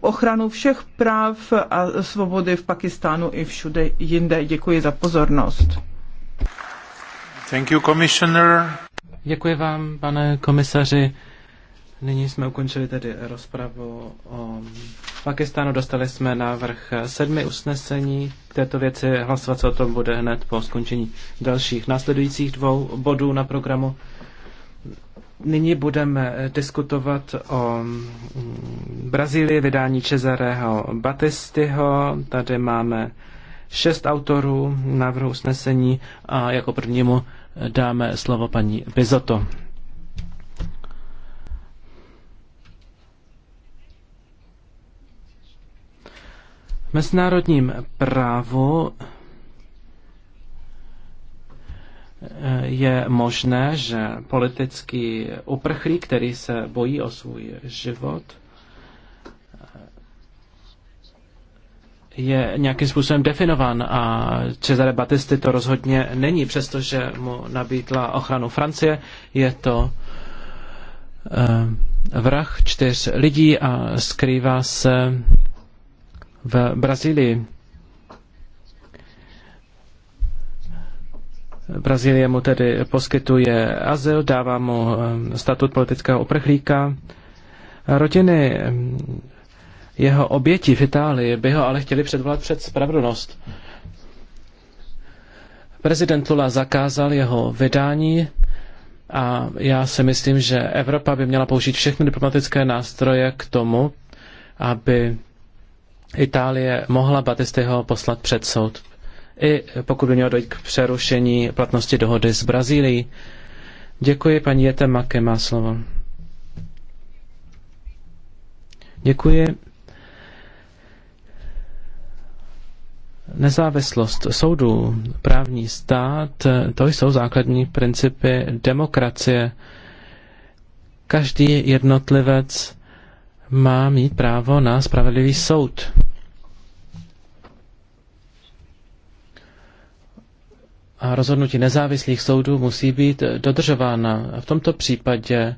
ochranu všech práv a svobody v Pakistánu i všude jinde. Děkuji za pozornost. Thank you, commissioner. Děkuji vám, pane komisaři. Nyní jsme ukončili tedy rozpravu o Pakistánu. Dostali jsme návrh sedmi usnesení k této věci. Hlasovat se o tom bude hned po skončení dalších následujících dvou bodů na programu. Nyní budeme eh, diskutovat o mm, Brazílii, vydání Cezareho Batistyho. Tady máme šest autorů návrhu usnesení a jako prvnímu eh, dáme slovo paní Bizoto. V mezinárodním právu je možné, že politický uprchlík, který se bojí o svůj život, je nějakým způsobem definován a Cesare Battisti to rozhodně není, přestože mu nabídla ochranu Francie. Je to eh, vrah čtyř lidí a skrývá se v Brazílii. Brazílie mu tedy poskytuje azyl, dává mu eh, statut politického uprchlíka. Rodiny eh, jeho oběti v Itálii by ho ale chtěli předvolat před spravedlnost. Prezident Lula zakázal jeho vydání a já si myslím, že Evropa by měla použít všechny diplomatické nástroje k tomu, aby Itálie mohla Batistyho poslat před soud i pokud by mělo dojít k přerušení platnosti dohody s Brazílií. Děkuji, paní Jete Make má slovo. Děkuji. Nezávislost soudů, právní stát, to jsou základní principy demokracie. Každý jednotlivec má mít právo na spravedlivý soud. rozhodnutí nezávislých soudů musí být dodržována. V tomto případě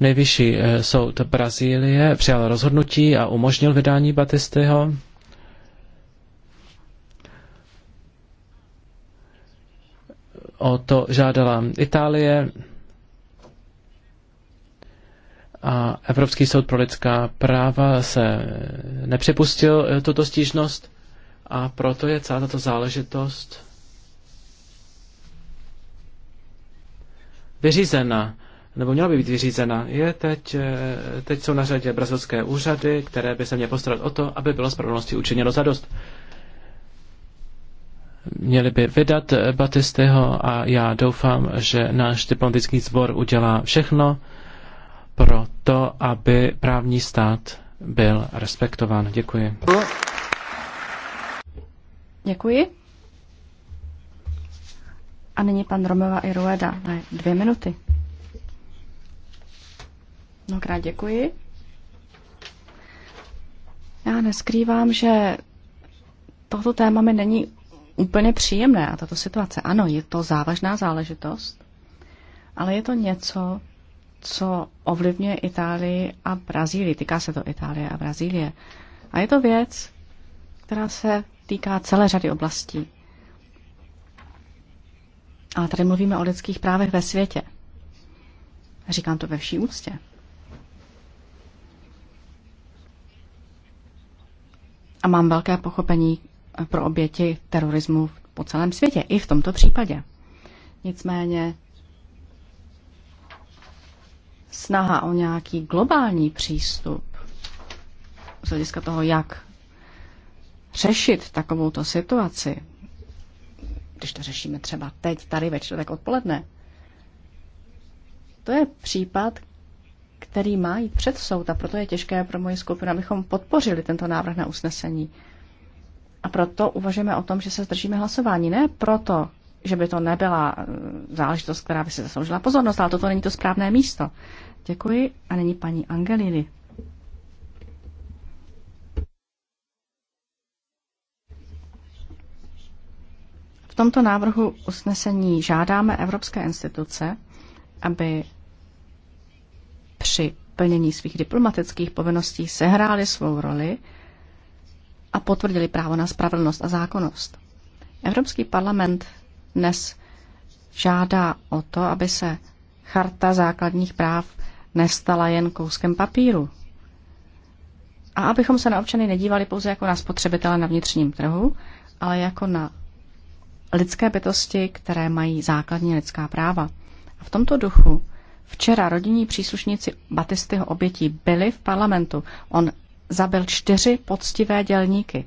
nejvyšší eh, soud Brazílie přijal rozhodnutí a umožnil vydání Batistyho. O to žádala Itálie a Evropský soud pro lidská práva se nepřipustil eh, tuto stížnost a proto je celá tato záležitost vyřízena, nebo měla by být vyřízena, je teď, eh, teď jsou na řadě brazilské úřady, které by se měly postarat o to, aby bylo spravedlnosti učiněno zadost. Měli by vydat eh, Batistyho a já doufám, že náš diplomatický sbor udělá všechno pro to, aby právní stát byl respektován. Děkuji. Děkuji. A nyní pan Romeva i Rueda na dvě minuty. Mnohokrát děkuji. Já neskrývám, že tohoto téma mi není úplně příjemné a tato situace. Ano, je to závažná záležitost, ale je to něco, co ovlivňuje Itálii a Brazílii. Týká se to Itálie a Brazílie. A je to věc, která se týká celé řady oblastí. Ale tady mluvíme o lidských právech ve světě. Říkám to ve vší úctě. A mám velké pochopení pro oběti terorismu po celém světě, i v tomto případě. Nicméně snaha o nějaký globální přístup z hlediska toho, jak řešit takovouto situaci, když to řešíme třeba teď, tady ve čtvrtek odpoledne, to je případ, který má jít před soud a proto je těžké pro moji skupinu, abychom podpořili tento návrh na usnesení. A proto uvažujeme o tom, že se zdržíme hlasování. Ne proto, že by to nebyla eh, záležitost, která by si zasloužila pozornost, ale toto není to správné místo. Děkuji a není paní Angeliny. tomto návrhu usnesení žádáme evropské instituce, aby při plnění svých diplomatických povinností sehrály svou roli a potvrdili právo na spravedlnost a zákonnost. Evropský parlament dnes žádá o to, aby se charta základních práv nestala jen kouskem papíru. A abychom se na občany nedívali pouze jako na spotřebitele na vnitřním trhu, ale jako na lidské bytosti, které mají základní lidská práva. A v tomto duchu včera rodinní příslušníci Batistyho obětí byli v parlamentu. On zabil čtyři poctivé dělníky.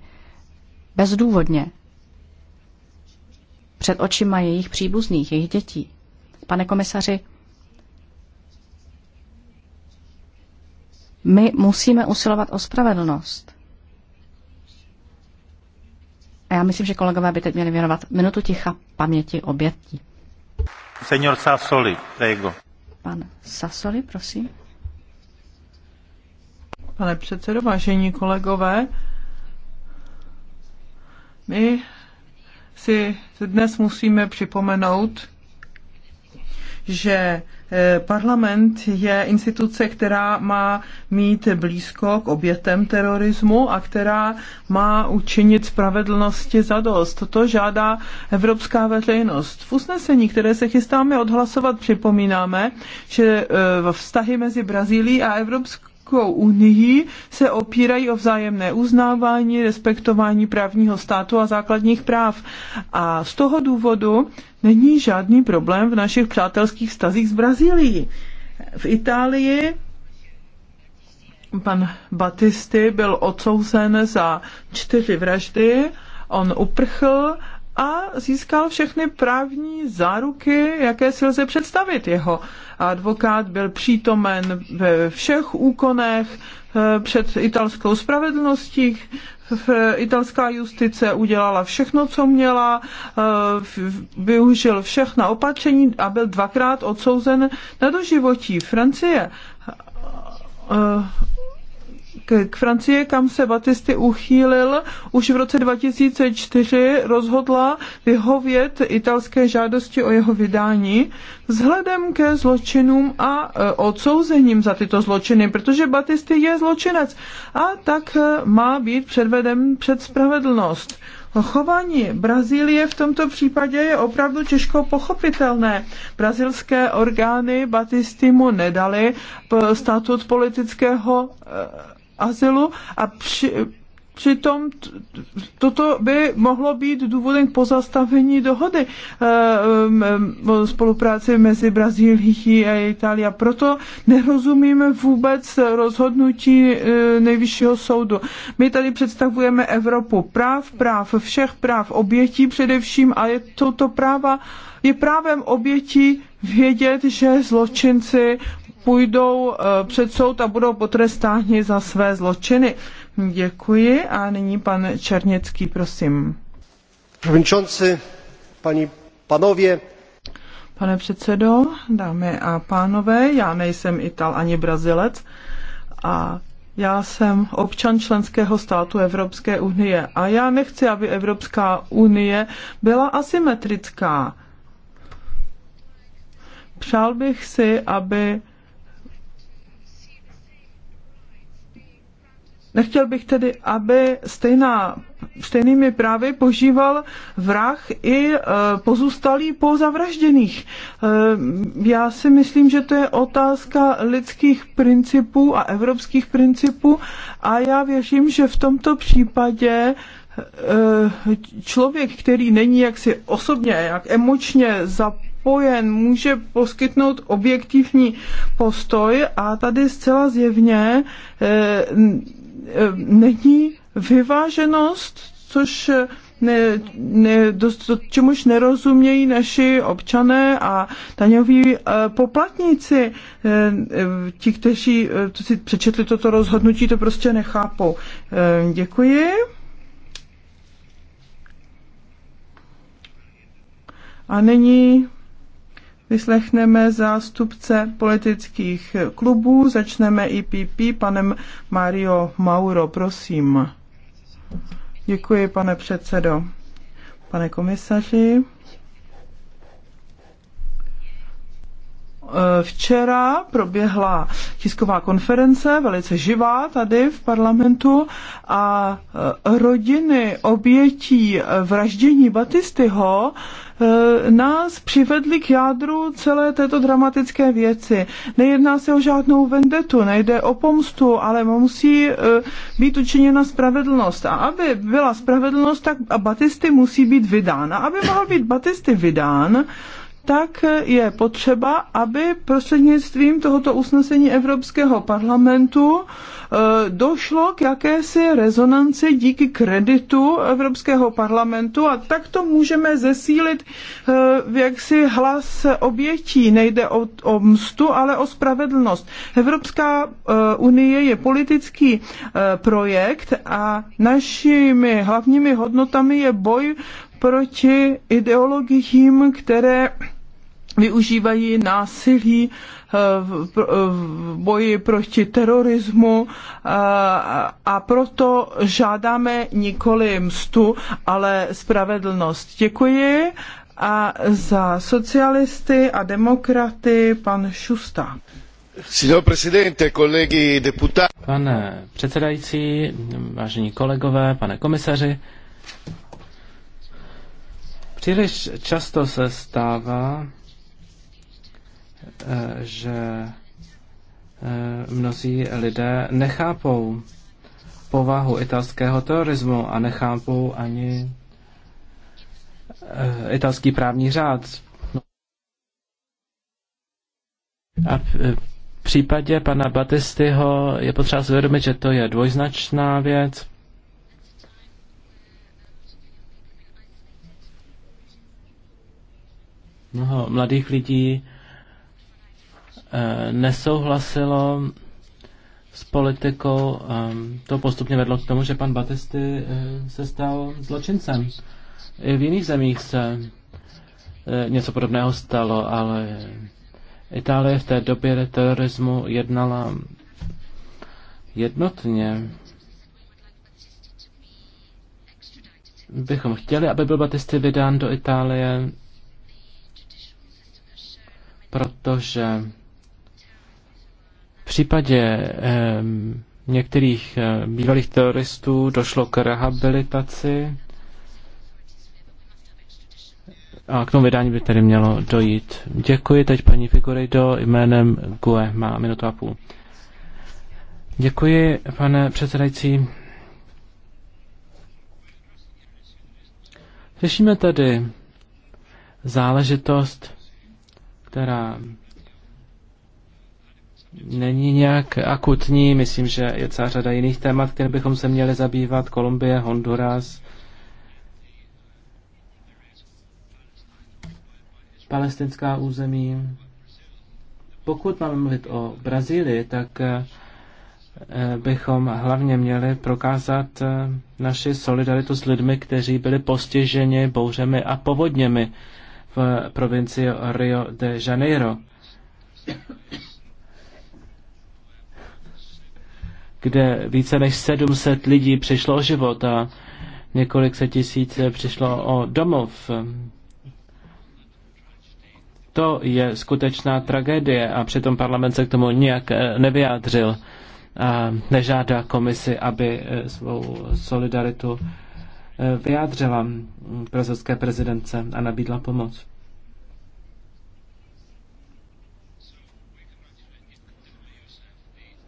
Bezdůvodně. Před očima jejich příbuzných, jejich dětí. Pane komisaři, my musíme usilovat o spravedlnost. A já myslím, že kolegové by teď měli věnovat minutu ticha paměti obětí. Senior Sassoli, prego. Pan Sassoli, prosím. Pane předsedo, vážení kolegové, my si dnes musíme připomenout, že Eh, parlament je instituce, která má mít blízko k obětem terorismu a která má učinit spravedlnosti zadost. Toto žádá evropská veřejnost. V usnesení, které se chystáme odhlasovat, připomínáme, že eh, vztahy mezi Brazílií a Evropskou Evropskou unii se opírají o vzájemné uznávání, respektování právního státu a základních práv. A z toho důvodu není žádný problém v našich přátelských vztazích s Brazílií. V Itálii pan Batisty byl odsouzen za čtyři vraždy, on uprchl a získal všechny právní záruky, jaké si lze představit. Jeho advokát byl přítomen ve všech úkonech eh, před italskou spravedlností, italská justice udělala všechno, co měla, eh, využil všechna opatření a byl dvakrát odsouzen na doživotí. Francie eh, k Francii, kam se Batisty uchýlil, už v roce 2004 rozhodla vyhovět italské žádosti o jeho vydání vzhledem ke zločinům a e, odsouzením za tyto zločiny, protože Batisty je zločinec a tak e, má být předveden před spravedlnost. Chování Brazílie v tomto případě je opravdu těžko pochopitelné. Brazilské orgány Batistimu nedali statut politického e, azylu a při, Přitom toto by mohlo být důvodem k pozastavení dohody o eh, eh, spolupráci mezi Brazílií a Itálií. Proto nerozumíme vůbec rozhodnutí eh, nejvyššího soudu. My tady představujeme Evropu práv, práv všech práv obětí především a je toto práva je právem obětí vědět, že zločinci půjdou eh, před soud a budou potrestáni za své zločiny. Děkuji a nyní pan Černěcký, prosím. Paní, panově. Pane předsedo, dámy a pánové, já nejsem Ital ani Brazilec a já jsem občan členského státu Evropské unie a já nechci, aby Evropská unie byla asymetrická. Přál bych si, aby Nechtěl bych tedy, aby stejná, stejnými právy požíval vrah i e, pozůstalý po zavražděných. E, já si myslím, že to je otázka lidských principů a evropských principů a já věřím, že v tomto případě e, člověk, který není jaksi osobně, jak emočně zapojen, Pojen může poskytnout objektivní postoj a tady zcela zjevně Eh, není vyváženost, což ne, ne, dost, čemuž nerozumějí naši občané a daňoví eh, poplatníci. Eh, ti, kteří si přečetli toto rozhodnutí, to prostě nechápou. děkuji. A nyní vyslechneme zástupce politických klubů. Začneme IPP e panem Mario Mauro, prosím. Děkuji, pane předsedo. Pane komisaři. Eh, včera proběhla tisková konference, velice živá tady v parlamentu a eh, rodiny obětí vraždění Batistyho eh, nás přivedli k jádru celé této dramatické věci. Nejedná se o žádnou vendetu, nejde o pomstu, ale musí být učiněna spravedlnost. A aby byla spravedlnost, tak Batisty musí být vydán. A aby mohl být Batisty vydán, tak je potřeba, aby prostřednictvím tohoto usnesení Evropského parlamentu e, došlo k jakési rezonanci díky kreditu Evropského parlamentu a tak to můžeme zesílit e, v jaksi hlas obětí. Nejde o, o mstu, ale o spravedlnost. Evropská e, unie je politický projekt a našimi hlavními hodnotami je boj proti ideologiím, které využívají násilí eh, eh, v boji proti terorismu eh, a proto žádáme nikoli mstu, ale spravedlnost. Děkuji a za socialisty a demokraty pan Šusta. Pane předsedající, vážení kolegové, pane komisaři, Příliš často se stává, eh, že eh, mnozí lidé nechápou povahu italského terorismu a nechápou ani eh, italský právní řád. A v případě pana Batistyho je potřeba si uvědomit, že to je dvojznačná věc. Mnoho mladých lidí eh, nesouhlasilo s politikou. To postupně vedlo k tomu, že pan Batisty eh, se stal zločincem. I v jiných zemích se eh, něco podobného stalo, ale Itálie v té době terorismu jednala jednotně. Bychom chtěli, aby byl Batisty vydán do Itálie, protože v případě některých bývalých teroristů došlo k rehabilitaci a k tomu vydání by tedy mělo dojít. Děkuji teď paní Figurejdo jménem GUE. Má minutu a půl. Děkuji, pane předsedající. Řešíme tady záležitost která není nějak akutní. Myslím, že je celá řada jiných témat, které bychom se měli zabývat. Kolumbie, Honduras, palestinská území. Pokud máme mluvit o Brazílii, tak eh, bychom hlavně měli prokázat eh, naši solidaritu s lidmi, kteří byli postiženi bouřemi a povodněmi v provincii Rio de Janeiro, kde více než 700 lidí přišlo o život a několik set tisíc přišlo o domov. To je skutečná tragédie a přitom parlament se k tomu nijak eh, nevyjádřil a nežádá komisi, aby eh, svou solidaritu vyjádřila brazilské prezidence a nabídla pomoc.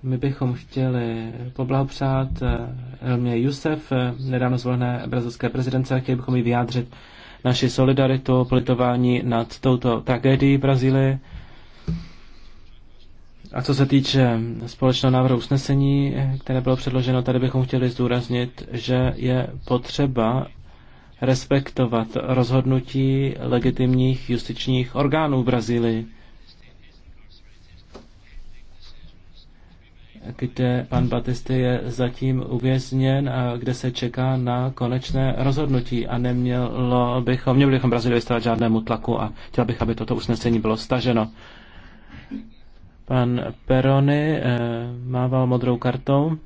My bychom chtěli poblahopřát eh, Elmě Jusef, eh, nedávno zvolené brazilské prezidence, a chtěli bychom jí vyjádřit naši solidaritu, politování nad touto tragédií Brazílie. A co se týče společného návrhu usnesení, které bylo předloženo, tady bychom chtěli zdůraznit, že je potřeba respektovat rozhodnutí legitimních justičních orgánů v Brazílii, kde pan Batisty je zatím uvězněn a kde se čeká na konečné rozhodnutí a nemělo bychom, měli bychom Brazílii vystavit žádnému tlaku a chtěl bych, aby toto usnesení bylo staženo. Pan Perony eh, mával modrou kartou.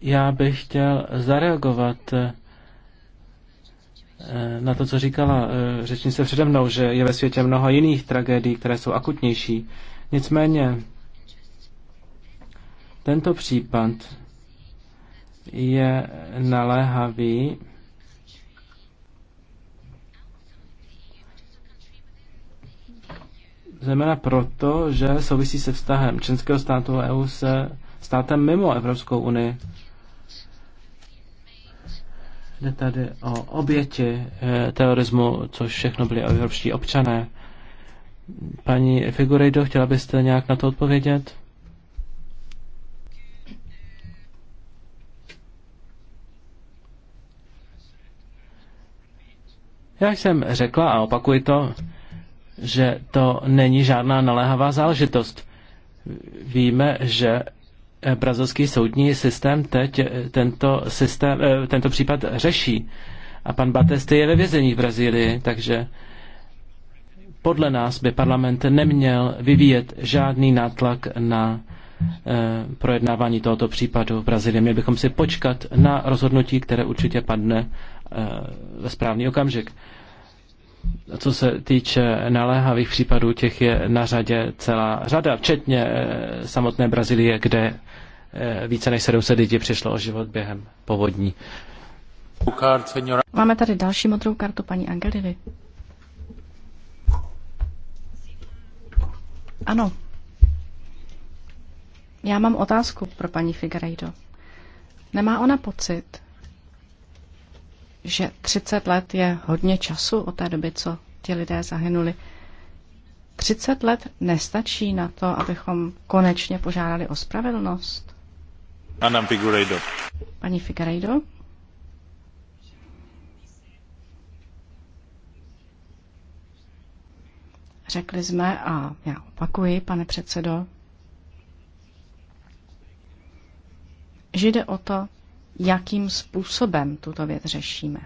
Já bych chtěl zareagovat eh, na to, co říkala eh, řečnice přede mnou, že je ve světě mnoho jiných tragédií, které jsou akutnější. Nicméně tento případ je naléhavý zejména proto, že souvisí se vztahem členského státu EU se státem mimo Evropskou unii. Jde tady o oběti eh, terorismu, což všechno byli evropští občané. Paní Figurejdo, chtěla byste nějak na to odpovědět? Jak jsem řekla a opakuji to, že to není žádná naléhavá záležitost. Víme, že eh, brazilský soudní systém teď eh, tento, systém, eh, tento případ řeší. A pan Batesty je ve vězení v Brazílii, takže podle nás by parlament neměl vyvíjet žádný nátlak na projednávání tohoto případu v Brazílii. Měli bychom si počkat na rozhodnutí, které určitě padne ve správný okamžik co se týče naléhavých případů, těch je na řadě celá řada, včetně eh, samotné Brazílie, kde eh, více než 700 lidí přišlo o život během povodní. Máme tady další modrou kartu paní Angelivy. Ano. Já mám otázku pro paní Figueiredo. Nemá ona pocit, že 30 let je hodně času od té doby, co ti lidé zahynuli. 30 let nestačí na to, abychom konečně požádali o spravedlnost. Anna Figurejdo. Paní Figurejdo. Řekli jsme, a já opakuji, pane předsedo, že jde o to, jakým způsobem tuto věc řešíme.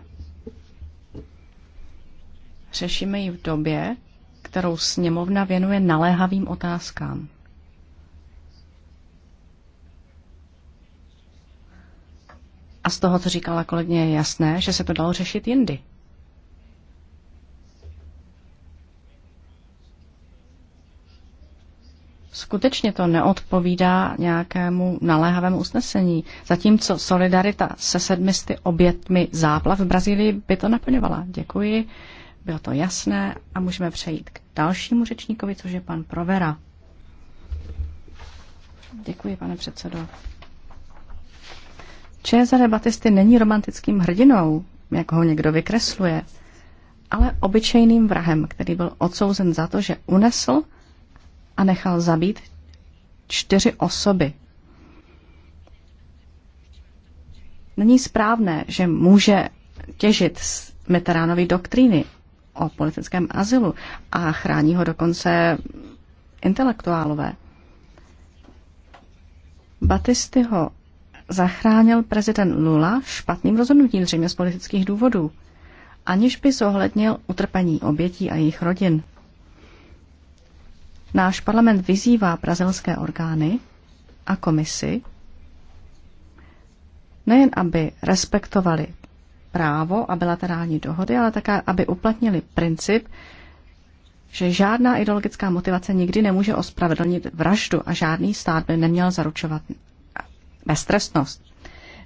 Řešíme ji v době, kterou sněmovna věnuje naléhavým otázkám. A z toho, co říkala kolegyně, je jasné, že se to dalo řešit jindy. skutečně to neodpovídá nějakému naléhavému usnesení. Zatímco solidarita se sedmisty obětmi záplav v Brazílii by to naplňovala. Děkuji, bylo to jasné a můžeme přejít k dalšímu řečníkovi, což je pan Provera. Děkuji, pane předsedo. Cesare Batisty není romantickým hrdinou, jak ho někdo vykresluje, ale obyčejným vrahem, který byl odsouzen za to, že unesl a nechal zabít čtyři osoby. Není správné, že může těžit z Mitterrandovy doktríny o politickém azylu a chrání ho dokonce intelektuálové. Batistyho zachránil prezident Lula špatným rozhodnutím zřejmě z politických důvodů, aniž by zohlednil utrpení obětí a jejich rodin. Náš parlament vyzývá brazilské orgány a komisi, nejen aby respektovali právo a bilaterální dohody, ale také, aby uplatnili princip, že žádná ideologická motivace nikdy nemůže ospravedlnit vraždu a žádný stát by neměl zaručovat beztrestnost.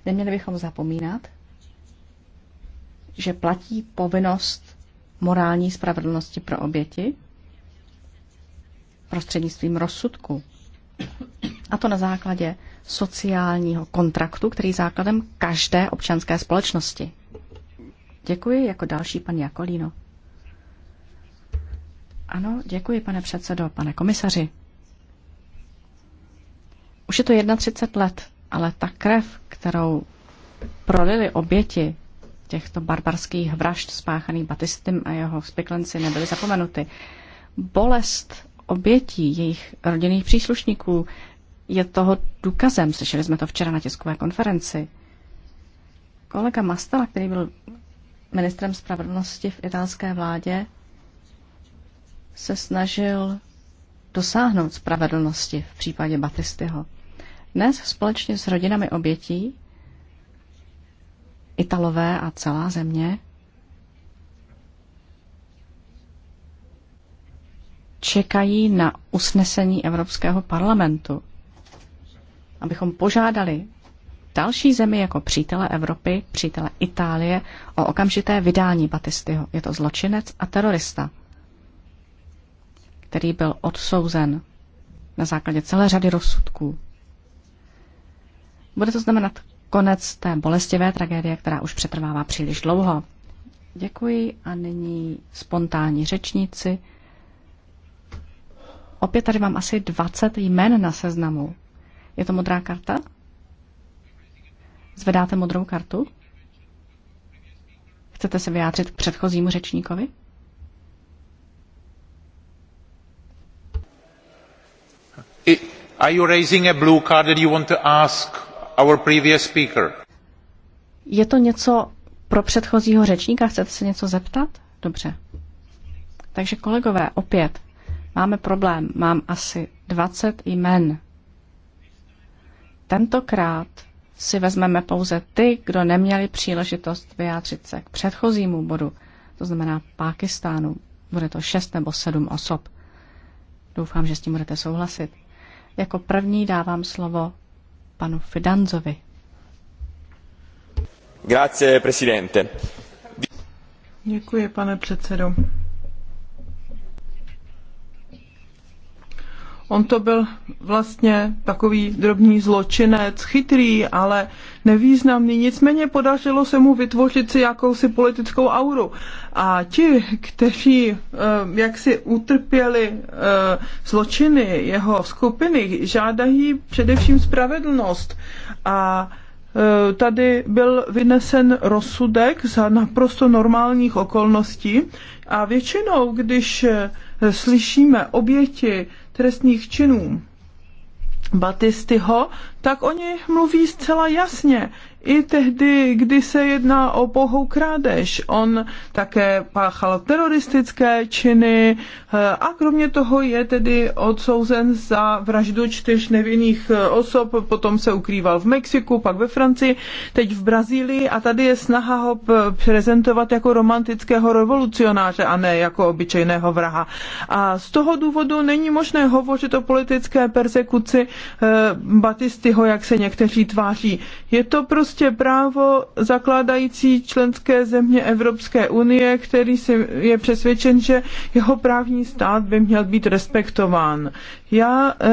Neměli bychom zapomínat, že platí povinnost morální spravedlnosti pro oběti prostřednictvím rozsudku. A to na základě sociálního kontraktu, který je základem každé občanské společnosti. Děkuji jako další pan Jakolíno. Ano, děkuji, pane předsedo, pane komisaři. Už je to 31 let, ale ta krev, kterou prolili oběti těchto barbarských vražd spáchaných Batistem a jeho spiklenci, nebyly zapomenuty. Bolest obětí, jejich rodinných příslušníků, je toho důkazem. Slyšeli jsme to včera na tiskové konferenci. Kolega Mastela, který byl ministrem spravedlnosti v italské vládě, se snažil dosáhnout spravedlnosti v případě Batistyho. Dnes společně s rodinami obětí, Italové a celá země, čekají na usnesení Evropského parlamentu. Abychom požádali další zemi jako přítele Evropy, přítele Itálie, o okamžité vydání Batistyho. Je to zločinec a terorista, který byl odsouzen na základě celé řady rozsudků. Bude to znamenat konec té bolestivé tragédie, která už přetrvává příliš dlouho. Děkuji a nyní spontánní řečníci. Opět tady mám asi 20 jmen na seznamu. Je to modrá karta? Zvedáte modrou kartu? Chcete se vyjádřit k předchozímu řečníkovi? Are you raising a blue card that you want to ask our previous speaker? Je to něco pro předchozího řečníka? Chcete se něco zeptat? Dobře. Takže kolegové, opět, Máme problém, mám asi 20 jmen. Tentokrát si vezmeme pouze ty, kdo neměli příležitost vyjádřit se k předchozímu bodu, to znamená Pákistánu. Bude to šest nebo sedm osob. Doufám, že s tím budete souhlasit. Jako první dávám slovo panu Fidanzovi. Grazie, presidente. Děkuji, pane předsedo. On to byl vlastně takový drobný zločinec, chytrý, ale nevýznamný. Nicméně podařilo se mu vytvořit si jakousi politickou auru. A ti, kteří eh, jaksi utrpěli eh, zločiny jeho skupiny, žádají především spravedlnost. A eh, tady byl vynesen rozsudek za naprosto normálních okolností a většinou, když slyšíme oběti trestných činů Batistyho, tak oni mluví zcela jasně i tehdy, kdy se jedná o pohou krádež. On také páchal teroristické činy eh, a kromě toho je tedy odsouzen za vraždu čtyř nevinných eh, osob, potom se ukrýval v Mexiku, pak ve Francii, teď v Brazílii a tady je snaha ho prezentovat jako romantického revolucionáře a ne jako obyčejného vraha. A z toho důvodu není možné hovořit o politické persekuci eh, Batistyho, jak se někteří tváří. Je to prostě prostě právo zakládající členské země Evropské unie, který si je přesvědčen, že jeho právní stát by měl být respektován. Já e,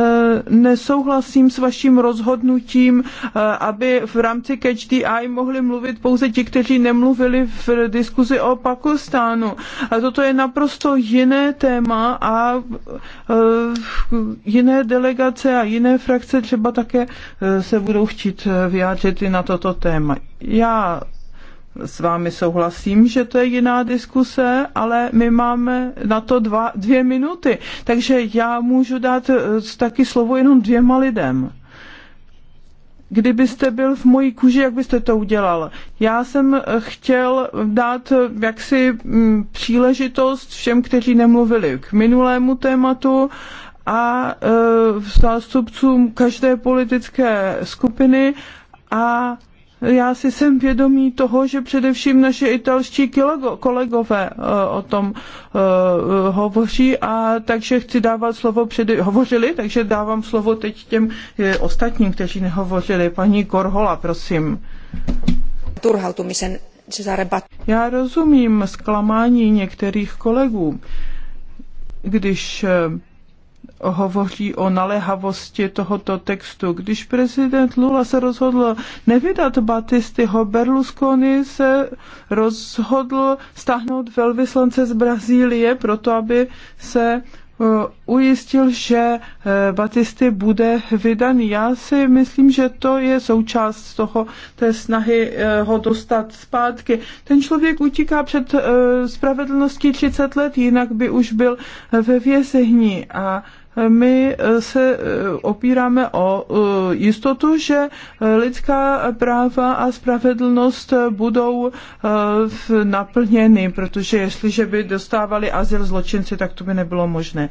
nesouhlasím s vaším rozhodnutím, e, aby v rámci Catch the Eye mohli mluvit pouze ti, kteří nemluvili v diskuzi o Pakistánu. A toto je naprosto jiné téma a e, jiné delegace a jiné frakce třeba také e, se budou chtít vyjádřit i na toto toto téma. Já s vámi souhlasím, že to je jiná diskuse, ale my máme na to dva, dvě minuty, takže já můžu dát eh, taky slovo jenom dvěma lidem. Kdybyste byl v mojí kůži, jak byste to udělal? Já jsem eh, chtěl dát eh, jaksi mm, příležitost všem, kteří nemluvili k minulému tématu a e, zástupcům každé politické skupiny a já si jsem vědomý toho, že především naše italští kolegové eh, o tom eh, hovoří a takže chci dávat slovo před... hovořili, takže dávám slovo teď těm eh, ostatním, kteří nehovořili. Paní Korhola, prosím. já rozumím zklamání některých kolegů, když hovoří o naléhavosti tohoto textu. Když prezident Lula se rozhodl nevydat Batistyho, Berlusconi se rozhodl stáhnout velvyslance z Brazílie proto, aby se Eh, ujistil, že eh, Batisty bude vydaný. Já si myslím, že to je součást toho, té snahy eh, ho dostat zpátky. Ten člověk utíká před spravedlností 30 let, jinak by už byl ve vězení a my eh, se eh, opíráme o eh, jistotu, že lidská práva a spravedlnost budou naplněny, protože jestliže by dostávali azyl zločinci, tak to by nebylo možné.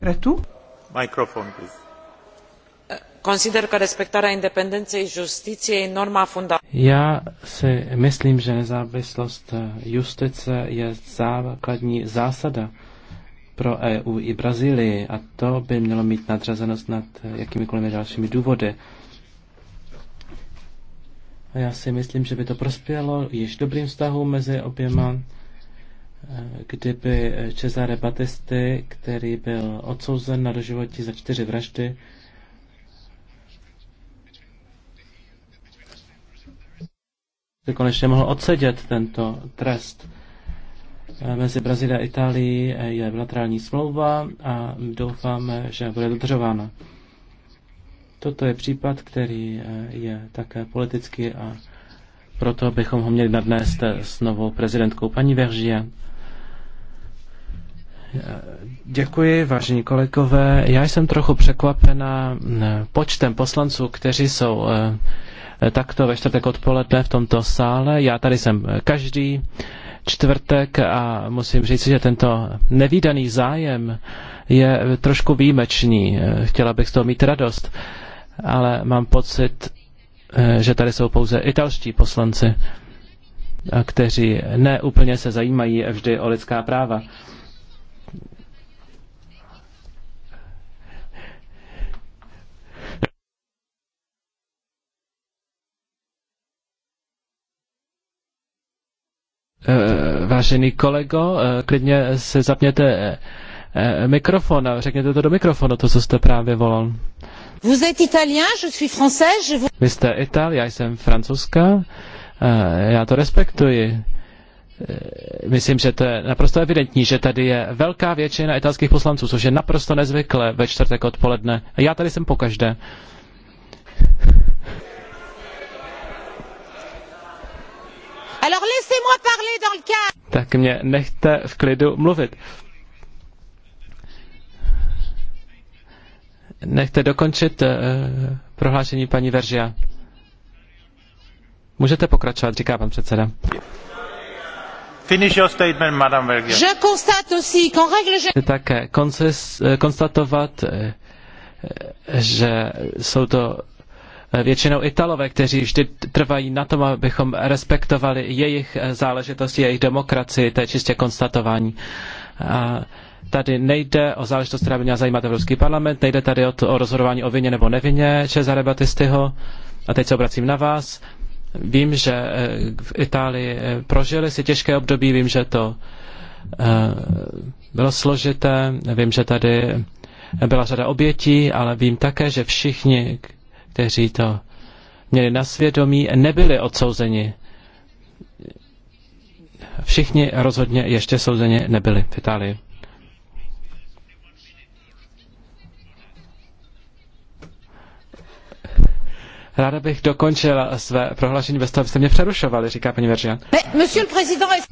Retu? Mikrofon. Consider că respectarea independenței justiției e norma fundamentală. Já si myslím, že nezávislost justice je základní zásada pro EU i Brazílii a to by mělo mít nadřazenost nad jakýmikoliv dalšími důvody. A já si myslím, že by to prospělo již dobrým vztahům mezi oběma, eh, kdyby Cesare Batisty, který byl odsouzen na doživotí za čtyři vraždy, by konečně mohl odsedět tento trest. Eh, mezi Brazílií a Itálií eh, je bilaterální smlouva a doufáme, že bude dodržována. Toto je případ, který eh, je také politický a proto bychom ho měli nadnést s novou prezidentkou paní Veržie. Děkuji, vážení kolegové. Já jsem trochu překvapena počtem poslanců, kteří jsou takto ve čtvrtek odpoledne v tomto sále. Já tady jsem každý čtvrtek a musím říct, že tento nevýdaný zájem je trošku výjimečný. Chtěla bych z toho mít radost, ale mám pocit, že tady jsou pouze italští poslanci, kteří neúplně se zajímají vždy o lidská práva. Eh, vážený kolego, eh, klidně se zapněte eh, mikrofon a řekněte to do mikrofonu, to, co jste právě volal. Vous êtes italien, je suis français, je vous... Vy jste Ital, já jsem francouzská, já to respektuji. Myslím, že to je naprosto evidentní, že tady je velká většina italských poslanců, což je naprosto nezvyklé ve čtvrtek odpoledne. Já tady jsem pokaždé. Tak mě nechte v klidu mluvit. Nechte dokončit uh, prohlášení paní Veržia. Můžete pokračovat, říká pan předseda. Finish your statement, Madame Je constate aussi qu'en règle je... Také eh, konstatovat, eh, že jsou to Eh, většinou Italové, kteří vždy trvají na tom, abychom respektovali jejich eh, záležitosti, jejich demokracii, to je čistě konstatování. A tady nejde o záležitost, která by měla zajímat Evropský parlament, nejde tady o, to, o rozhodování o vině nebo nevině Cesare Batistyho. A teď se obracím na vás. Vím, že eh, v Itálii prožili si těžké období, vím, že to bylo složité, vím, že tady byla řada obětí, ale vím také, že všichni, kteří to měli na svědomí, nebyli odsouzeni. Všichni rozhodně ještě souzeni nebyli v Itálii. Ráda bych dokončila své prohlášení bez toho, abyste mě přerušovali, říká paní Veržian.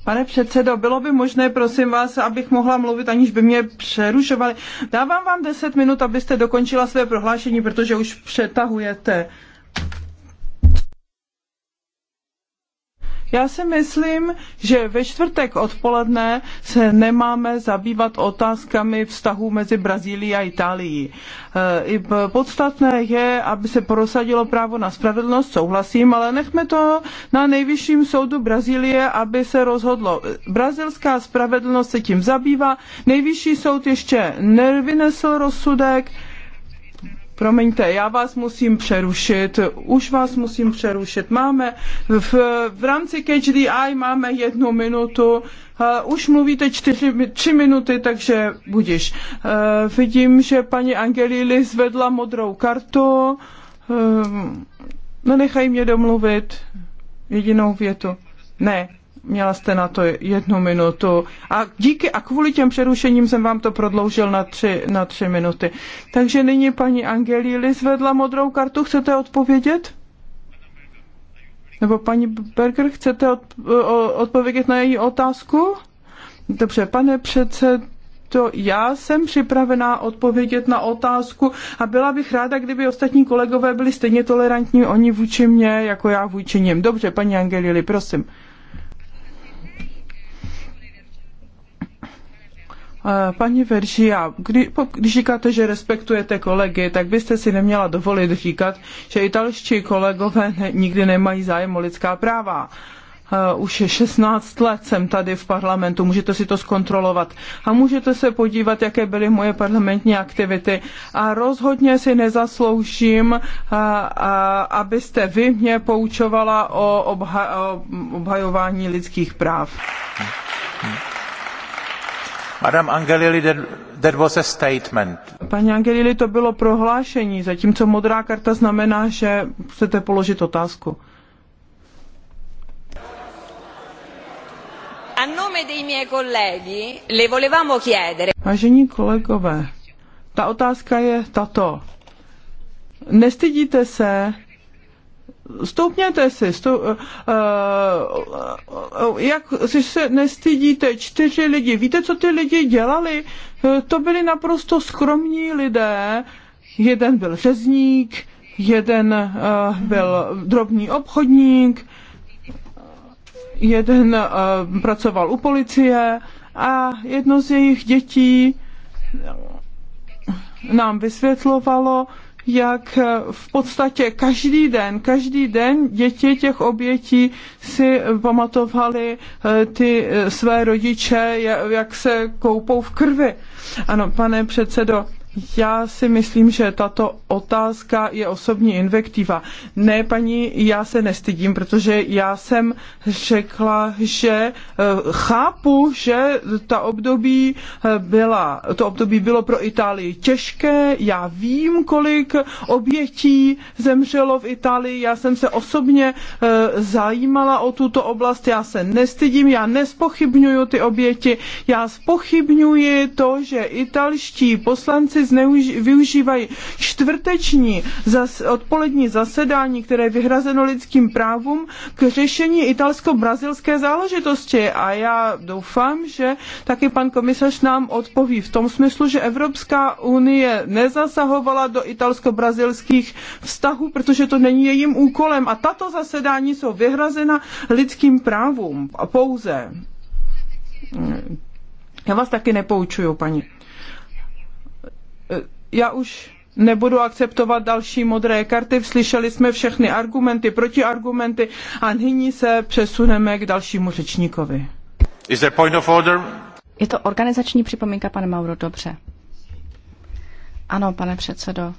Pane předsedo, bylo by možné, prosím vás, abych mohla mluvit, aniž by mě přerušovali. Dávám vám 10 minut, abyste dokončila své prohlášení, protože už přetahujete. Já si myslím, že ve čtvrtek odpoledne se nemáme zabývat otázkami vztahů mezi Brazílií a Itálií. Eh, I podstatné je, aby se prosadilo právo na spravedlnost, souhlasím, ale nechme to na nejvyšším soudu Brazílie, aby se rozhodlo. Brazilská spravedlnost se tím zabývá, nejvyšší soud ještě nevynesl rozsudek, Promiňte, já vás musím přerušit, už vás musím přerušit. Máme v, v rámci Catch máme jednu minutu, uh, už mluvíte čtyři, tři minuty, takže budiš. Uh, eh, vidím, že paní Angelili zvedla modrou kartu, uh, eh, nechaj mě domluvit jedinou větu. Ne, Měla jste na to jednu minutu. A díky a kvůli těm přerušením jsem vám to prodloužil na tři, na tři minuty. Takže nyní paní Angelíli zvedla modrou kartu. Chcete odpovědět? Nebo paní Berger, chcete odpovědět na její otázku? Dobře, pane předsedo to já jsem připravená odpovědět na otázku a byla bych ráda, kdyby ostatní kolegové byli stejně tolerantní oni vůči mně, jako já vůči ním. Dobře, paní Angelili, prosím. Eh, paní Veržia, kdy, když říkáte, že respektujete kolegy, tak byste si neměla dovolit říkat, že italští kolegové ne, nikdy nemají zájem o lidská práva. Eh, už 16 let jsem tady v parlamentu, můžete si to zkontrolovat a můžete se podívat, jaké byly moje parlamentní aktivity a rozhodně si nezasloužím, eh, abyste vy mě poučovala o, obha- o obhajování lidských práv. Hmm. Hmm. Paní Angelilli, to bylo prohlášení, zatímco modrá karta znamená, že chcete položit otázku. A le Vážení kolegové, ta otázka je tato. Nestydíte se stoupněte si, stou, uh, eh, uh, eh, uh, jak si se nestydíte, čtyři lidi, víte, co ty lidi dělali? Eh, to byli naprosto skromní lidé, jeden byl řezník, jeden uh, byl drobný obchodník, jeden uh, pracoval u policie a jedno z jejich dětí nám vysvětlovalo, jak eh, v podstatě každý den, každý den děti těch obětí si pamatovali eh, ty eh, své rodiče, jak se koupou v krvi. Ano, pane předsedo, já si myslím, že tato otázka je osobní invektiva. Ne, paní, já se nestydím, protože já jsem řekla, že e, chápu, že ta období e, byla, to období bylo pro Itálii těžké, já vím, kolik obětí zemřelo v Itálii, já jsem se osobně e, zajímala o tuto oblast, já se nestydím, já nespochybnuju ty oběti, já spochybňuji to, že italští poslanci zneuž, využívají čtvrteční zas, odpolední zasedání, které je vyhrazeno lidským právům, k řešení italsko-brazilské záležitosti. A já doufám, že taky pan komisař nám odpoví v tom smyslu, že Evropská unie nezasahovala do italsko-brazilských vztahů, protože to není jejím úkolem. A tato zasedání jsou vyhrazena lidským právům a pouze. Já vás taky nepoučuju, paní Eh, já už nebudu akceptovat další modré karty. Slyšeli jsme všechny argumenty, protiargumenty a nyní se přesuneme k dalšímu řečníkovi. Is there point of order? Je to organizační připomínka, pane Mauro, dobře. Ano, pane předsedo.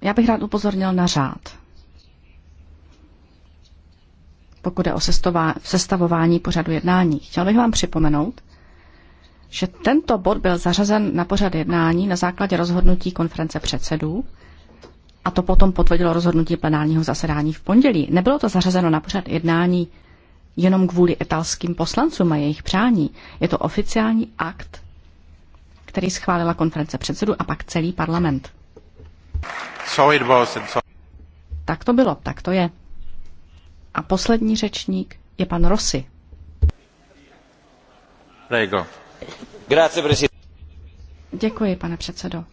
Já bych rád upozornil na řád pokud je o sestavování pořadu jednání. Chtěl bych vám připomenout, že tento bod byl zařazen na pořad jednání na základě rozhodnutí konference předsedů a to potom potvrdilo rozhodnutí plenárního zasedání v pondělí. Nebylo to zařazeno na pořad jednání jenom kvůli italským poslancům a jejich přání. Je to oficiální akt, který schválila konference předsedů a pak celý parlament. So it was, so... Tak to bylo, tak to je. A poslední řečník je pan Rossi. Prego. Děkuji, pane předsedo.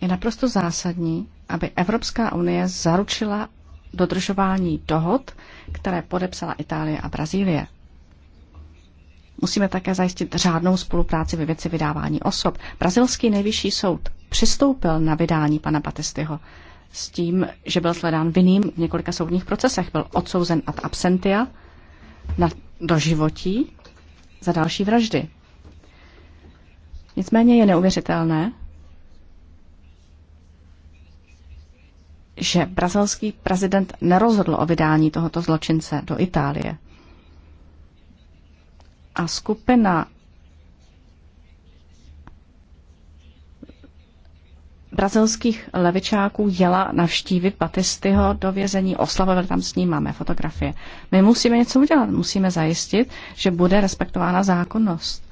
Je naprosto zásadní, aby Evropská unie zaručila dodržování dohod, které podepsala Itálie a Brazílie. Musíme také zajistit řádnou spolupráci ve věci vydávání osob. Brazilský nejvyšší soud přistoupil na vydání pana Batistyho, s tím, že byl sledán vinným v několika soudních procesech. Byl odsouzen ad absentia na doživotí za další vraždy. Nicméně je neuvěřitelné, že brazilský prezident nerozhodl o vydání tohoto zločince do Itálie. A skupina brazilských levičáků jela navštívit Batistyho do vězení, oslavovali tam s ním, máme fotografie. My musíme něco udělat, musíme zajistit, že bude respektována zákonnost.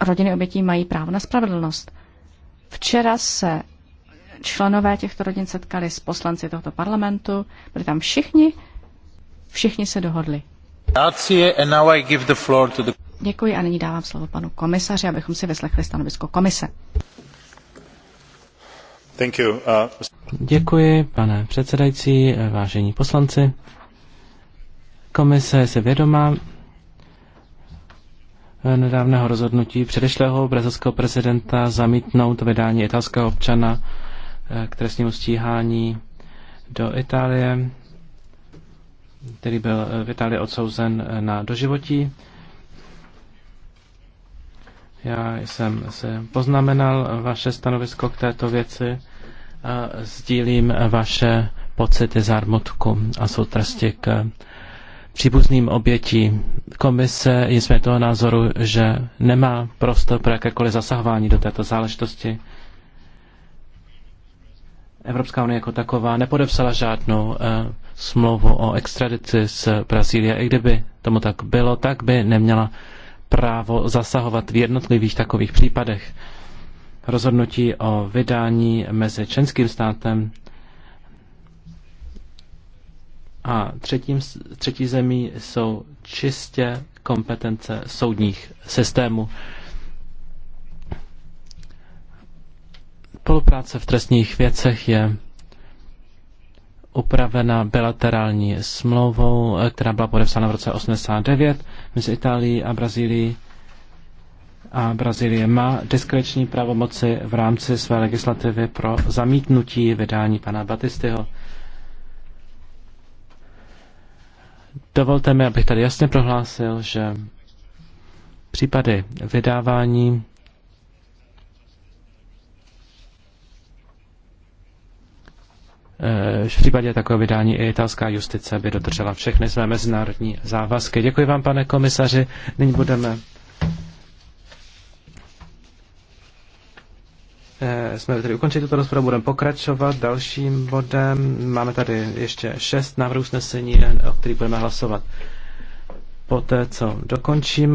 Rodiny obětí mají právo na spravedlnost. Včera se členové těchto rodin setkali s poslanci tohoto parlamentu, byli tam všichni, všichni se dohodli. Děkuji a nyní dávám slovo panu komisaři, abychom si vyslechli stanovisko komise. Uh, Děkuji, pane předsedající, vážení poslanci. Komise se vědomá nedávného rozhodnutí předešlého brazilského prezidenta zamítnout vydání italského občana k trestnímu stíhání do Itálie, který byl v Itálii odsouzen na doživotí. Já jsem se poznamenal vaše stanovisko k této věci a sdílím vaše pocity zármutku a soutrasti k příbuzným obětí. Komise jsme toho názoru, že nemá prostor pro jakékoliv zasahování do této záležitosti. Evropská unie jako taková nepodepsala žádnou eh, smlouvu o extradici z Brazílie. I kdyby tomu tak bylo, tak by neměla právo zasahovat v jednotlivých takových případech. Rozhodnutí o vydání mezi členským státem a třetím, třetí zemí jsou čistě kompetence soudních systémů. Spolupráce v trestních věcech je upravena bilaterální smlouvou, eh, která byla podepsána v roce 89 mezi Itálií a Brazílií. A Brazílie má diskreční pravomoci v rámci své legislativy pro zamítnutí vydání pana Batistyho. Dovolte mi, abych tady jasně prohlásil, že případy vydávání Eh, v případě takového vydání i italská justice by dodržela všechny své mezinárodní závazky. Děkuji vám, pane komisaři. Nyní budeme eh, jsme tady ukončili tuto rozpravu, budeme pokračovat dalším bodem. Máme tady ještě šest návrhů usnesení, o kterých budeme hlasovat poté, co dokončíme.